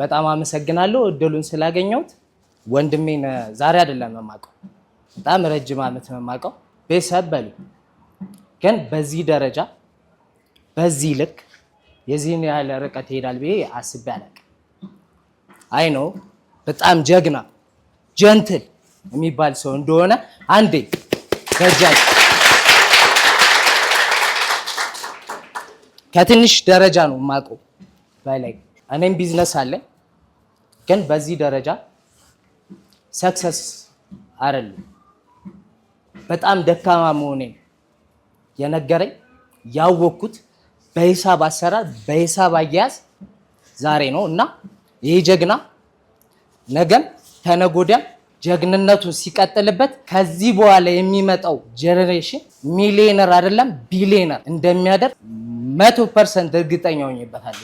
በጣም አመሰግናለሁ እድሉን ስላገኘሁት። ወንድሜን ዛሬ አይደለም የማውቀው፣ በጣም ረጅም ዓመት ነው የማውቀው። ቤተሰብ በሉ ግን በዚህ ደረጃ በዚህ ልክ የዚህን ያህል ርቀት ይሄዳል ብዬ አስቤ አላውቅም። አይ ነው በጣም ጀግና ጀንትል የሚባል ሰው እንደሆነ አንዴ በጃጅ ከትንሽ ደረጃ ነው የማውቀው በላይ እኔም ቢዝነስ አለኝ፣ ግን በዚህ ደረጃ ሰክሰስ አይደለም። በጣም ደካማ መሆኔን የነገረኝ ያወቅኩት በሂሳብ አሰራር በሂሳብ አያያዝ ዛሬ ነው እና ይህ ጀግና ነገም ተነጎዳም ጀግንነቱ ሲቀጥልበት ከዚህ በኋላ የሚመጣው ጀኔሬሽን ሚሊዮነር አይደለም ቢሊዮነር እንደሚያደርግ መቶ ፐርሰንት እርግጠኛ ሆኜበታል።